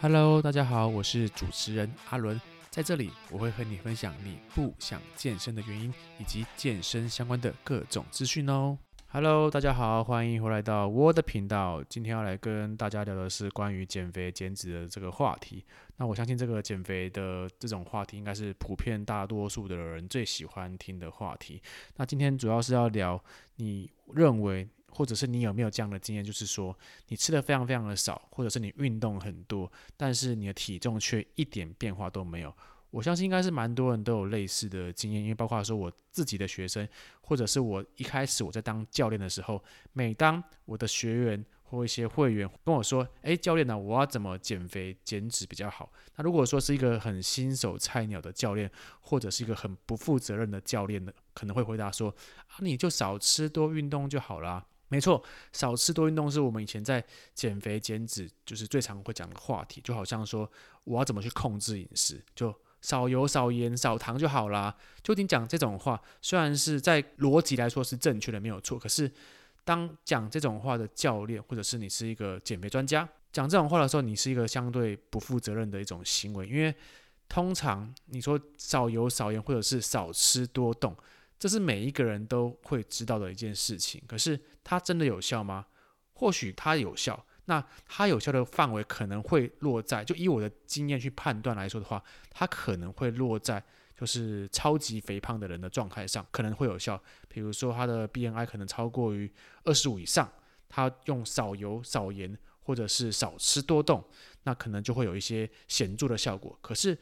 Hello，大家好，我是主持人阿倫，在這裡我會和你分享你不想健身的原因，以及健身相關的各種資訊哦。Hello，大家好，歡迎回來到我的頻道，今天要來跟大家聊的是關於減肥減脂的這個話題。那我相信這個減肥的這種話題應該是普遍大多數的人最喜歡聽的話題。那今天主要是要聊，你認為。或者是你有沒有這樣的經驗，就是說你吃得非常非常的少，或者是你運動很多，但是你的體重卻一點變化都沒有。我相信應該是蠻多人都有類似的經驗，因為包括說我自己的學生，或者是我一開始我在當教練的時候，每當我的學員或一些會員跟我說：“誒，教練呢、啊，我要怎麼減肥減脂比較好？”那如果說是一個很新手菜鳥的教練，或者是一個很不負責任的教練呢，可能會回答說：“啊，你就少吃多運動就好了。”沒錯，少吃多運動是我們以前在減肥減脂，就是最常會講的話題。就好像說，我要怎麼去控制飲食？就少油、少鹽、少糖就好啦。就聽講這種話，雖然是在邏輯來說是正確的，沒有錯。可是，當講這種話的教練，或者是你是一個減肥專家講這種話的時候，你是一個相對不負責任的一種行為。因為通常你說少油、少鹽，或者是少吃多動。這是每一個人都會知道的一件事情，可是它真的有效嗎？或許它有效，那它有效的範圍可能會落在，就以我的經驗去判斷來說的話，它可能會落在就是超級肥胖的人的狀態上，可能會有效。比如說他的 BMI 可能超過於二十五以上，他用少油、少鹽或者是少吃多動，那可能就會有一些顯著的效果。可是。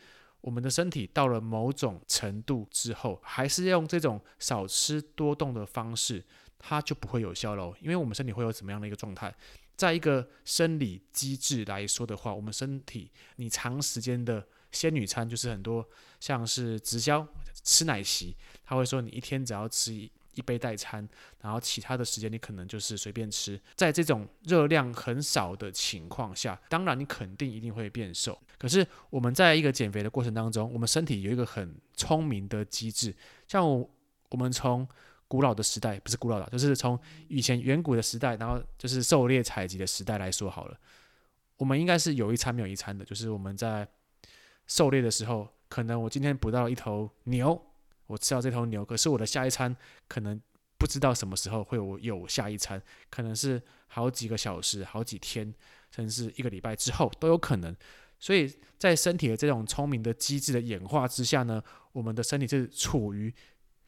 我們的身體到了某種程度之後，還是用這種少吃多動的方式，它就不會有效嘍、哦。因為我們身體會有怎麼樣的一個狀態，在一個生理機制來說的話，我們身體你長時間的仙女餐，就是很多像是直銷吃奶昔，他會說你一天只要吃一。一杯代餐，然後其他的時間你可能就是隨便吃。在這種熱量很少的情況下，當然你肯定一定會變瘦。可是我們在一個減肥的過程當中，我們身體有一個很聰明的機制。像我，我們從古老的時代，不是古老的，就是從以前遠古的時代，然後就是狩獵採集的時代來說好了，我們應該是有一餐沒有一餐的。就是我們在狩獵的時候，可能我今天捕到了一頭牛。我吃到這頭牛，可是我的下一餐可能不知道什麼時候會有有下一餐，可能是好幾個小時、好幾天，甚至一個禮拜之後都有可能。所以在身體的這種聰明的機制的演化之下呢，我們的身體是處於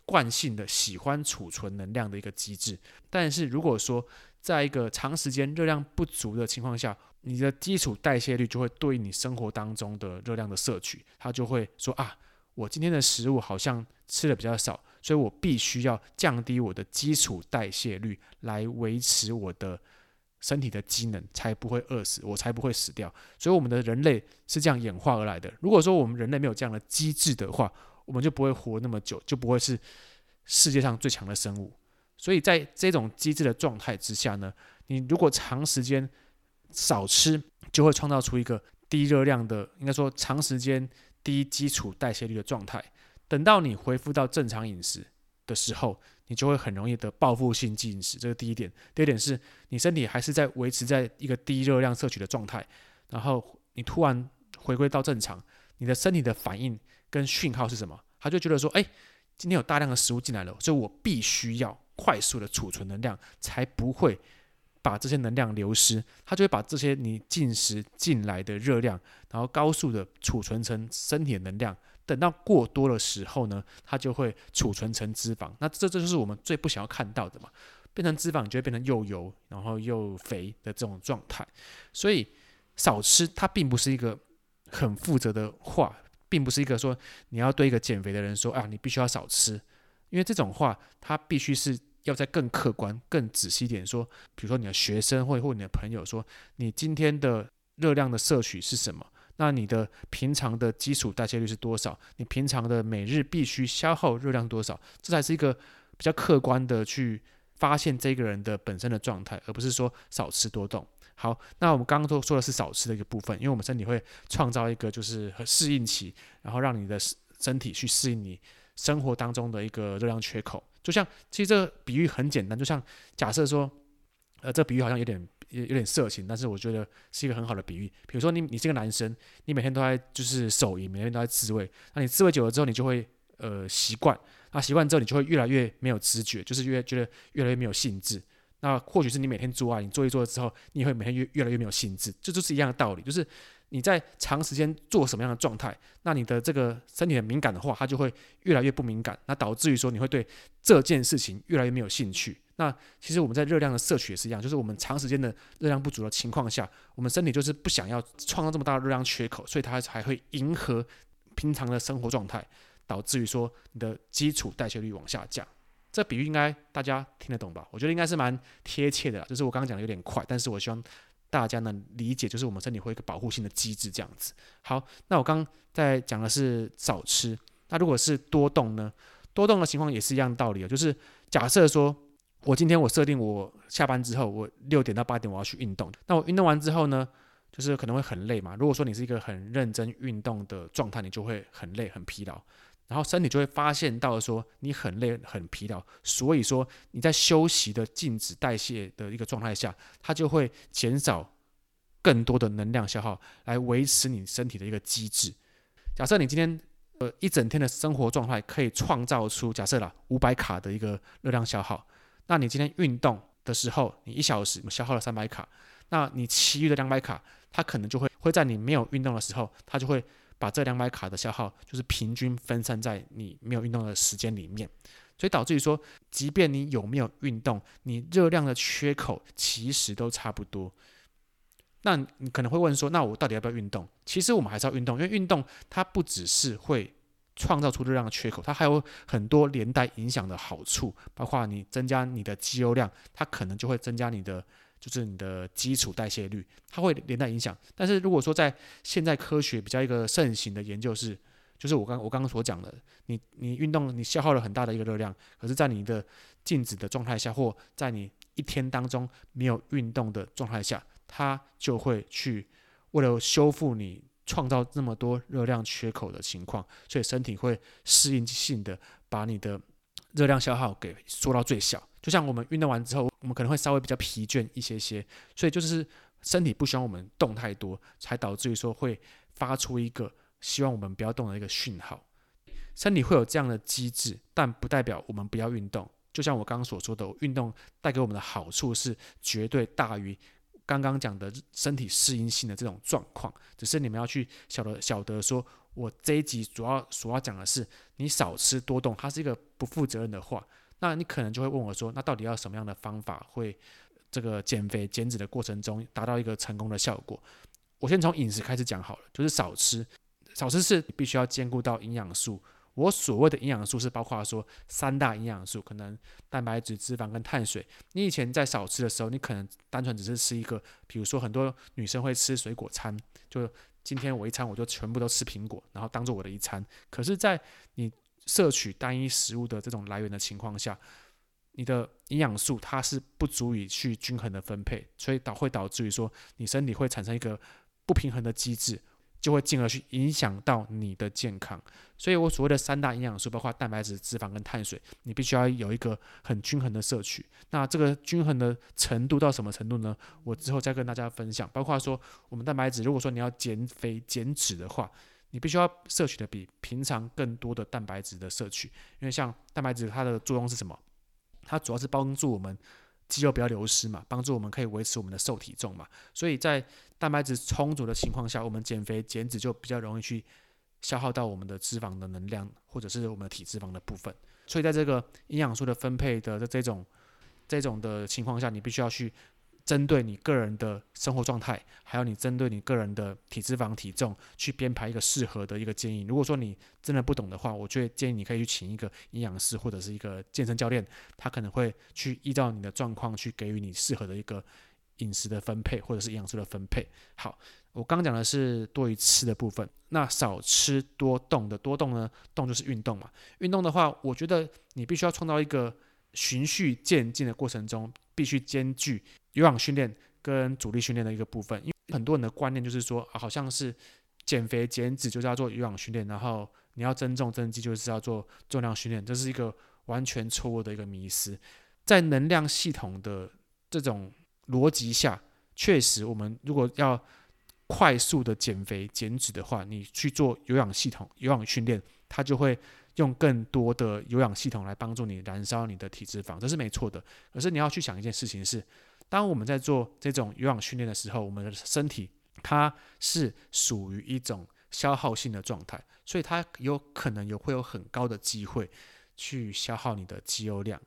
慣性的、喜歡儲存能量的一個機制。但是如果說在一個長時間熱量不足的情況下，你的基礎代謝率就會對你生活當中的熱量的攝取，它就會說啊。我今天的食物好像吃得比較少，所以我必須要降低我的基礎代謝率來維持我的身體的機能，才不會餓死，我才不會死掉。所以，我們的人類是這樣演化而來的。如果說我們人類沒有這樣的機制的話，我們就不會活那麼久，就不會是世界上最強的生物。所以在這種機制的狀態之下呢，你如果長時間少吃，就會創造出一個低熱量的，應該說長時間。低基礎代謝率的狀態，等到你恢復到正常飲食的時候，你就會很容易得報復性進食。這是第一點。第二點是，你身體還是在維持在一個低熱量攝取的狀態，然後你突然回歸到正常，你的身體的反應跟訊號是什麼？他就覺得說，哎，今天有大量的食物進來了，所以我必須要快速的儲存能量，才不會。把這些能量流失，它就會把這些你進食進來的熱量，然後高速的儲存成身體的能量，等到過多的時候呢，它就會儲存成脂肪。那這這就是我們最不想要看到的嘛，變成脂肪，就會變成又油然後又肥的這種狀態。所以少吃，它並不是一個很負責的話，並不是一個說你要對一個減肥的人說啊，你必須要少吃，因為這種話它必須是。要再更客觀、更仔細一點說，比如說你的學生會或，或你的朋友說，你今天的熱量的攝取是什麼？那你的平常的基礎代謝率是多少？你平常的每日必須消耗熱量多少？這才是一個比較客觀的去發現這個人的本身的狀態，而不是說少吃多動。好，那我們剛剛都說的是少吃的一個部分，因為我們身體會創造一個就是適應期，然後讓你的身身體去適應你，生活當中的一個熱量缺口，就像其實這個比喻很簡單，就像假設說，呃，這個比喻好像有點有點色情，但是我覺得是一個很好的比喻。比如說你你是一個男生，你每天都在就是手淫，每天都在自慰，那你自慰久了之後，你就會呃習慣，那習慣之後你就會越來越沒有知覺，就是越覺得越來越沒有興致。那或許是你每天做愛、啊，你做一做之後，你會每天越越來越沒有興致，這就是一樣的道理，就是。你在長時間做什麼樣的狀態，那你的這個身體很敏感的話，它就會越來越不敏感，那導致於說你會對這件事情越來越沒有興趣。那其實我們在熱量的攝取也是一樣，就是我們長時間的熱量不足的情況下，我們身體就是不想要創造這麼大的熱量缺口，所以它還會迎合平常的生活狀態，導致於說你的基礎代謝率往下降。這比喻應該大家聽得懂吧？我覺得應該是蠻貼切的啦，就是我剛剛講的有點快，但是我希望。大家呢理解，就是我們身體會有一個保護性的機制這樣子。好，那我剛在講的是少吃，那如果是多動呢？多動的情況也是一樣的道理啊，就是假設說，我今天我設定我下班之後，我六點到八點我要去運動，那我運動完之後呢，就是可能會很累嘛。如果說你是一個很認真運動的狀態，你就會很累很疲勞。然後身體就會發現到說你很累很疲勞，所以說你在休息的靜止代謝的一個狀態下，它就會減少更多的能量消耗，來維持你身體的一個機制。假設你今天呃一整天的生活狀態可以創造出，假設啦，五百卡的一個熱量消耗，那你今天運動的時候，你一小時消耗了三百卡，那你其餘的兩百卡，它可能就會會在你沒有運動的時候，它就會。把這兩百卡的消耗，就是平均分散在你沒有運動的時間裡面，所以導致於說，即便你有沒有運動，你熱量的缺口其實都差不多。那你可能會問說，那我到底要不要運動？其實我們還是要運動，因為運動它不只是會創造出熱量的缺口，它還有很多連帶影響的好處，包括你增加你的肌肉量，它可能就會增加你的。就是你的基礎代謝率，它會連帶影響。但是如果說在現在科學比較一個盛行的研究是，就是我剛我剛剛所講的，你你運動你消耗了很大的一個熱量，可是，在你的靜止的狀態下，或在你一天當中沒有運動的狀態下，它就會去為了修復你創造那麼多熱量缺口的情況，所以身體會適應性的把你的。熱量消耗給縮到最小，就像我們運動完之後，我們可能會稍微比較疲倦一些些，所以就是身體不希望我們動太多，才導致於說會發出一個希望我們不要動的一個訊號。身體會有這樣的機制，但不代表我們不要運動。就像我剛剛所說的，運動帶給我們的好處是絕對大於。剛剛講的身體適應性的這種狀況，只是你們要去曉得曉得說，我這一集主要所要講的是，你少吃多動，它是一個不負責任的話，那你可能就會問我說，那到底要什麼樣的方法會這個減肥減脂的過程中達到一個成功的效果？我先從飲食開始講好了，就是少吃，少吃是你必須要兼顧到營養素。我所謂的營養素是包括說三大營養素，可能蛋白質、脂肪跟碳水。你以前在少吃的時候，你可能單純只是吃一個，比如說很多女生會吃水果餐，就今天我一餐我就全部都吃蘋果，然後當做我的一餐。可是，在你攝取單一食物的這種來源的情況下，你的營養素它是不足以去均衡的分配，所以導會導致於說你身體會產生一個不平衡的機制。就會進而去影響到你的健康，所以我所謂的三大營養素包括蛋白質、脂肪跟碳水，你必須要有一個很均衡的攝取。那這個均衡的程度到什麼程度呢？我之後再跟大家分享。包括說，我們蛋白質，如果說你要減肥減脂的話，你必須要攝取的比平常更多的蛋白質的攝取，因為像蛋白質它的作用是什麼？它主要是幫助我們肌肉不要流失嘛，幫助我們可以維持我們的瘦體重嘛。所以在蛋白質充足的情況下，我們減肥減脂就比較容易去消耗到我們的脂肪的能量，或者是我們的體脂肪的部分。所以，在這個營養素的分配的這種這種的情況下，你必須要去針對你個人的生活狀態，還有你針對你個人的體脂肪、體重去編排一個適合的一個建議。如果說你真的不懂的話，我就會建議你可以去請一個營養師或者是一個健身教練，他可能會去依照你的狀況去給予你適合的一個。飲食的分配，或者是營養素的分配。好，我剛講的是多於吃的部分。那少吃多動的多動呢？動就是運動嘛。運動的話，我覺得你必須要創造一個循序漸進的過程中，必須兼具有氧訓練跟阻力訓練的一個部分。因為很多人的觀念就是說，啊、好像是減肥減脂就是要做有氧訓練，然後你要增重增肌就是要做重量訓練，這是一個完全錯誤的一個迷思。在能量系統的這種。邏輯下，確實，我們如果要快速的減肥減脂的話，你去做有氧系統、有氧訓練，它就會用更多的有氧系統來幫助你燃燒你的體脂肪，這是沒錯的。可是你要去想一件事情是，當我們在做這種有氧訓練的時候，我們的身體它是屬於一種消耗性的狀態，所以它有可能有會有很高的機會去消耗你的肌肉量。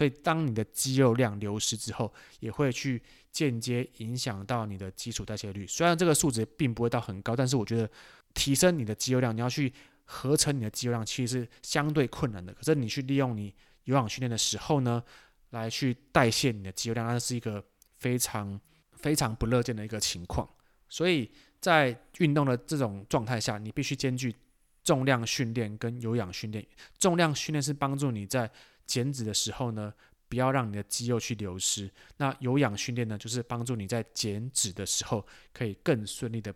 所以，當你的肌肉量流失之後，也會去間接影響到你的基礎代謝率。雖然這個數值並不會到很高，但是我覺得提升你的肌肉量，你要去合成你的肌肉量，其實是相對困難的。可是你去利用你有氧訓練的時候呢，來去代謝你的肌肉量，那是一個非常非常不樂見的一個情況。所以在運動的這種狀態下，你必須兼具重量訓練跟有氧訓練。重量訓練是幫助你在減脂的時候呢，不要讓你的肌肉去流失。那有氧訓練呢，就是幫助你在減脂的時候可以更順利的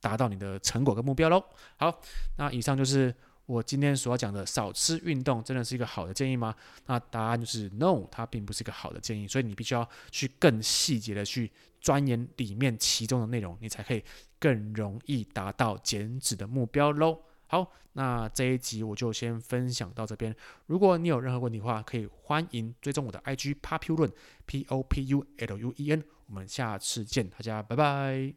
達到你的成果跟目標嘍。好，那以上就是我今天所要講的，少吃運動真的是一個好的建議嗎？那答案就是 No，它並不是一個好的建議。所以你必須要去更細節的去鑽研裡面其中的內容，你才可以更容易達到減脂的目標嘍。好，那這一集我就先分享到這邊。如果你有任何問題的話，可以歡迎追蹤我的 IG Populuen, P O P U L U E N。我們下次見，大家拜拜。